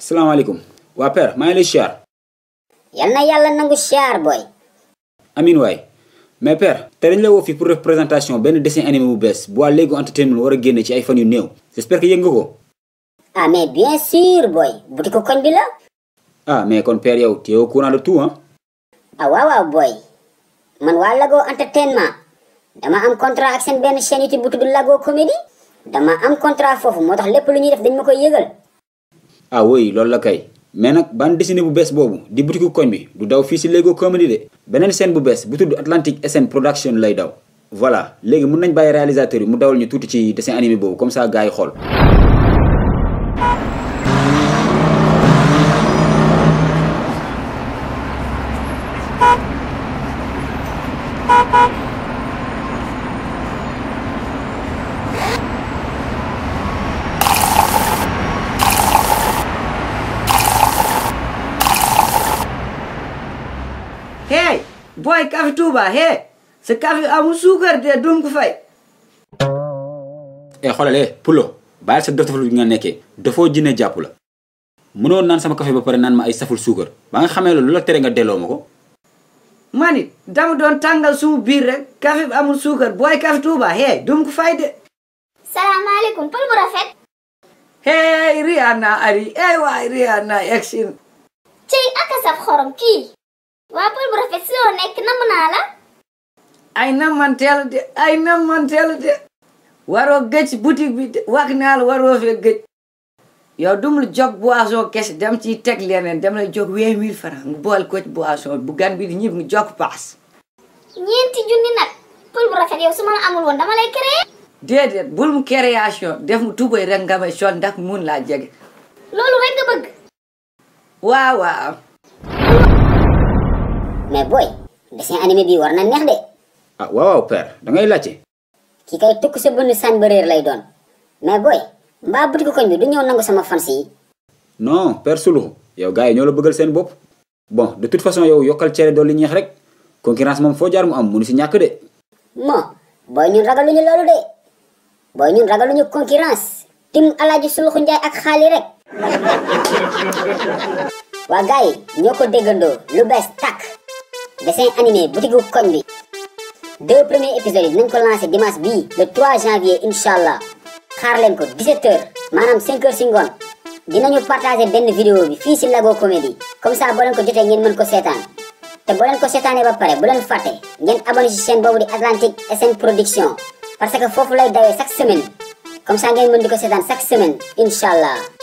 asalaamaaleykum waa père maa ngi lay siyaar yal na yàlla nangu siyaar booy amin waay mais per te dañ fii pour def benn dessin animé bu bees bu waa Lego Entertainment war ay fan yu néew yëg nga ko ah bi la ah mais kon père ah, waaw booy man waa Lego Entertainment dama am contrat ak seen benn chaîne YouTube bu tudd Lego Comédie dama am contrat foofu moo tax lépp lu ñuy def dañ ma koy yëgal ah oui loolu la kay mais nag ban dessinée bu bees boobu di butiku koñ bi du daw fii si Lego Comedy de beneen scène bu bees bu tudd Atlantic SN Production lay daw voilà léegi mun nañ bàyyi réalisateur yi mu dawal ñu tuuti ci dessin animé boobu comme ça gars yi xool booy café Touba hee sa café amul suukar de duñ ko fay. e eh, xoolale eh, Pulo bàyyi sa dof nga nekkee dafoo jinne jàpp la mënoon naan sama café ba pare naan ma ay saful suukar ba nga xamee loolu la tere nga delloo ma ko. man it doon tàngal sumu biir rek café bi amul suukar booy café Touba hee duñ ko fay de. salaamaaleykum pël bu rafet. hey Rihanna Ari eh waay Rihanna egg si. cey ak a saf xorom kii. waaw professeur yoo nekk namm naa la. ay nammanteelu de ay nammanteelu de. waroo gëj boutique bi wax naa la waroo fee gëj. yow dumul jóg boisson kese dem ci teg leneen dem la jóg vingt mille francs nga boole ko ci bu gan bi di ñib nga jóg paas. ñeenti junni nag pël bu yow su ma la amul woon dama lay créer. déedéet bul mu création def mu tubay rek nga may sol ndax mun laa jege. loolu rek nga bëgg. mais boy dessin anime bi war na neex ah wow waaw père da ngay laajte ki kay tukk sa bënn doon boy mbaa butiku koñ bi du sama fans No per suluh. Soulou yow gars yi sen bob. bon de toute façon yow yokkal cere dolli ñeex rek concurrence moom foo jaar mu am munu si Boy de moo booy ñun ragaluñu loolu de ñun concurrence tim alaaji Soulou Ndiaye ak xaali rek waa gars lubes tak. lu dessin animé boutique koñ bi deux premiers épisodes yi nañ ko lancé dimanche bii le 3 janvier Inch'Allah. allah xaar ko 17h maanaam 5h si ngoon dinañu partager benn vidéo bi fii si Lago Comédie comme ça boo leen ko jotee ngeen mën ko Si te boo leen ko seetaanee ba pare bu leen fàtte ngeen abonné si chaîne de di Atlantic SN Production parce que vous lay dawee chaque semaine comme ça ngeen mën faire ko chaque semaine Inch'Allah.